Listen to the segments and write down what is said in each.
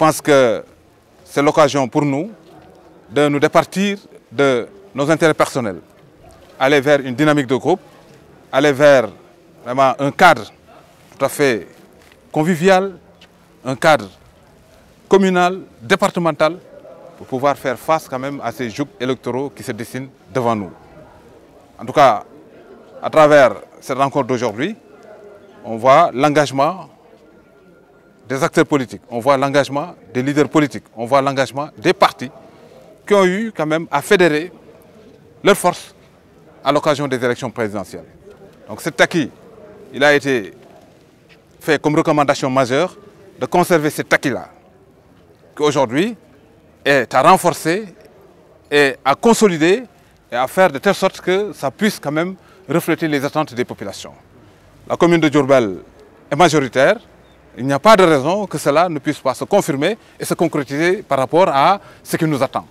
Je pense que c'est l'occasion pour nous de nous départir de nos intérêts personnels, aller vers une dynamique de groupe, aller vers vraiment un cadre tout à fait convivial, un cadre communal, départemental, pour pouvoir faire face quand même à ces jougs électoraux qui se dessinent devant nous. En tout cas, à travers cette rencontre d'aujourd'hui, on voit l'engagement des acteurs politiques, on voit l'engagement des leaders politiques, on voit l'engagement des partis qui ont eu quand même à fédérer leurs forces à l'occasion des élections présidentielles. Donc cet acquis, il a été fait comme recommandation majeure de conserver cet acquis-là, qui aujourd'hui est à renforcer et à consolider et à faire de telle sorte que ça puisse quand même refléter les attentes des populations. La commune de Djourbel est majoritaire, il n'y a pas de raison que cela ne puisse pas se confirmer et se concrétiser par rapport à ce qui nous attend.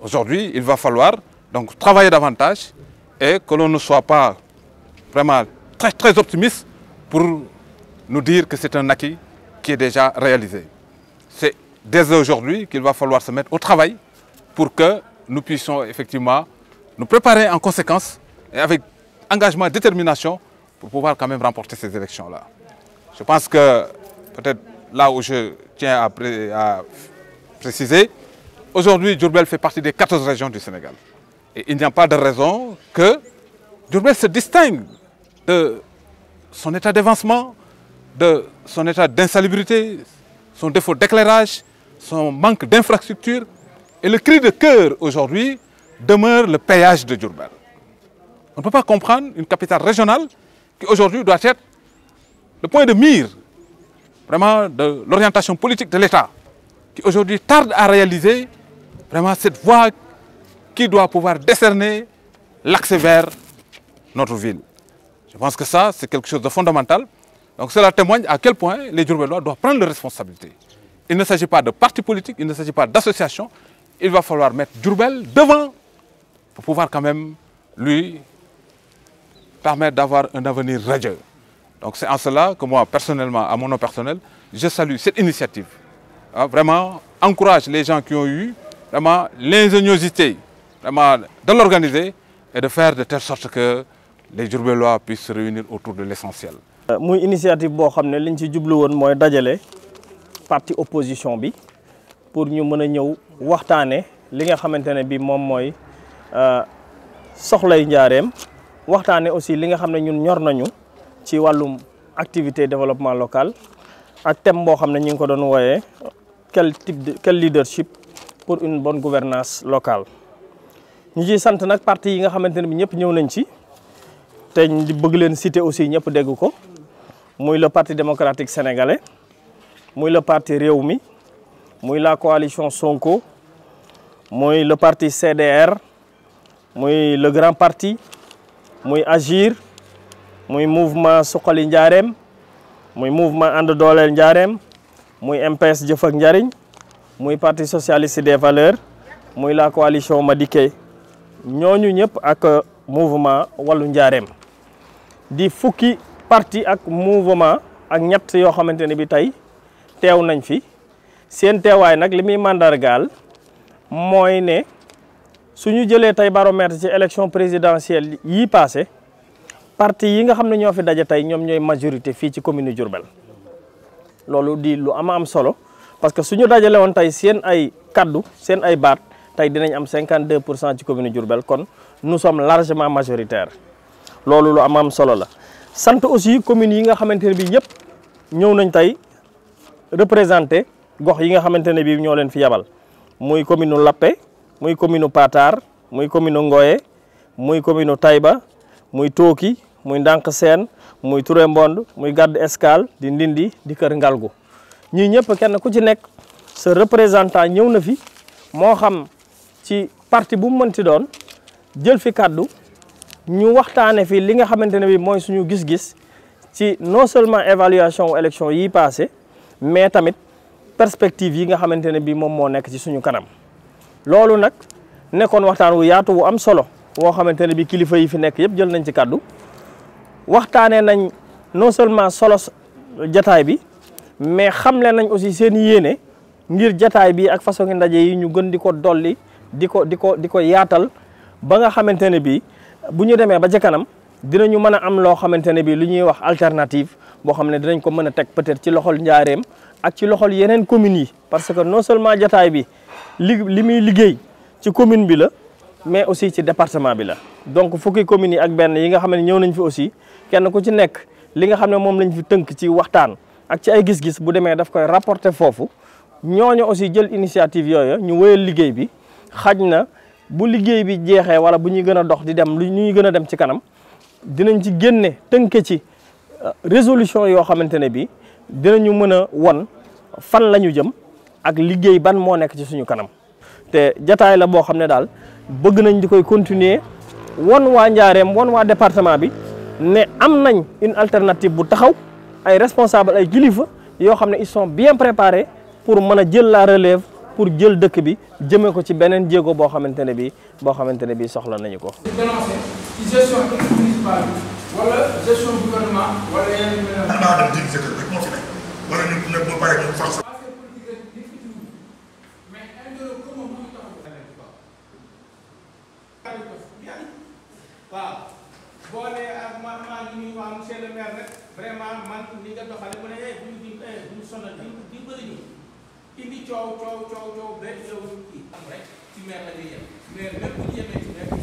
Aujourd'hui, il va falloir donc travailler davantage et que l'on ne soit pas vraiment très, très optimiste pour nous dire que c'est un acquis qui est déjà réalisé. C'est dès aujourd'hui qu'il va falloir se mettre au travail pour que nous puissions effectivement nous préparer en conséquence et avec engagement et détermination pour pouvoir quand même remporter ces élections-là. Je pense que, peut-être là où je tiens à, préciser, aujourd'hui, Djourbel fait partie des 14 régions du Sénégal. Et il n'y a pas de raison que Djourbel se distingue de son état d'avancement, de son état d'insalubrité, son défaut d'éclairage, son manque d'infrastructure. Et le cri de cœur aujourd'hui demeure le péage de Djourbel. On ne peut pas comprendre une capitale régionale qui aujourd'hui doit être le point de mire vraiment de l'orientation politique de l'État, qui aujourd'hui tarde à réaliser vraiment cette voie qui doit pouvoir décerner l'accès vers notre ville. Je pense que ça, c'est quelque chose de fondamental. Donc cela témoigne à quel point les Djurbellois doivent prendre leurs responsabilités. Il ne s'agit pas de partis politiques, il ne s'agit pas d'associations. Il va falloir mettre Djourbel devant pour pouvoir quand même lui permettre d'avoir un avenir radieux. Donc c'est en cela que moi, personnellement, à mon nom personnel, je salue cette initiative. Ah, vraiment, encourage les gens qui ont eu vraiment l'ingéniosité de l'organiser et de faire de telle sorte que les Djourbelois puissent se réunir autour de l'essentiel. Euh, mon initiative, c'est que parti opposition bi pour ñu mën a ñëw waxtaanee nous nga xamante ne bi moom mooy euh, soxlay njaareem waxtaanee aussi li nga xam ñun ñor nañu ci walum activité développement local ak thème bo xamné ñing ko doon woyé quel type de quel leadership pour une bonne gouvernance locale ñi sommes sant nak parti yi nga xamanteni ne bi ñëpp ñëw nañ ci té di bëgg leen citer aussi ñep dégg ko muy le parti démocratique sénégalais muy le parti rewmi mi muy la coalition Sonko muy le parti CDR muy le grand parti muy Agir muy mouvement suqali njaareem muy mouvement ànd dooleel njaareem muy MPS jëf ak njariñ muy parti socialiste des valeurs muy la coalition Madické ñooñu ñëpp ak mouvement wallu njaareem di fukki parti ak mouvement ak ñett yoo xamante ne bi tey teew nañ fi seen teewaay nag li muy màndargaal mooy ne suñu jëlee tey baromètre ci élection présidentielle yi passé parti yi nga xamne ne ñoo fi daje tey ñoom majorité fi ci commune Diourbel lolu di lu ama am solo parce que suñu dajale won tay seen ay kaddu seen ay baat tay dinañ am 52 ci commune Diourbel kon nous sommes largement majoritaire lolu lu ama am solo la Santo aussi commune yi nga xamantene bi ñep ñew nañ tay représenter gox yi nga xamantene bi bii ñoo leen fi yabal muy commune Lappé muy commune Patar muy commune Ngoyé muy commune muy Toki muy ndank sen muy Touré Mbond muy Gadde Escale di Ndindi di keur Ngalgu ñi ñepp kenn ku ci nek ce représentant ñew na fi mo xam ci parti bu mu mënti doon jël fi kàddu ñu waxtane fi li nga xamantene bi moy suñu gis-gis ci non seulement évaluation wu élection yi passé mais tamit perspective yi nga xamantene bi mom mo nek ci suñu kanam lolu nak nekkon waxtan wu yaatu wu am solo wo xamantene bi kilifa yi fi nek yeb jël nañ ci waxtaanee nañ non seulement solos jataay bi mais xamle nañ aussi seen yéene ngir jataay bi ak façon ndaje yi ñu gën di ko dolli di ko di ko di ko yaatal ba nga xamante ne bii bu ñu demee ba ca kanam dinañu mën a am loo xamante ne bii lu ñuy wax alternative boo xam ne dinañ ko mën a teg peut-être ci loxol njaareem ak ci loxol yeneen communes yi parce que non seulement jataay bi li li muy liggéey ci commune bi la mais aussi ci département bi la donc fukki commune yi ak benn yi nga xam ñëw nañ fi aussi kenn ku ci nekk li nga xam ne moom lañ fi tënk ci waxtaan ak ci ay gis-gis bu demee daf koy rapporter foofu ñooñu aussi jël initiative yooyu ñu wëyal liggéey bi xaj na bu liggéey bi jeexee wala bu ñuy gën a dox di dem lu ñuy gën a dem ci kanam dinañ ci génne tënke ci euh, résolution yoo xamante ne bi dinañu mën a won fan la ñu jëm ak liggéey ban moo nekk ci suñu kanam te jataay la boo xam ne daal bëgg nañ di koy continuer won waa Njaareem won waa département bi ne amnañ une alternative bu taxaw ay responsable ay kilifa yo xamné ils sont bien préparés pour mën jël la relève pour jël dëkk bi jëmee ko ci benen djégo bo xamante bi bo boo bi soxla nañu ko. gestion municipale wala gestion gouvernement wala yeneen maanaam li nga doxale mu ne eh bu ñu bu ñu sonal di di bëri ñu indi coow coow coow coow benn yow ci meer la ñuy yem mais même bu ñu yemee ci meer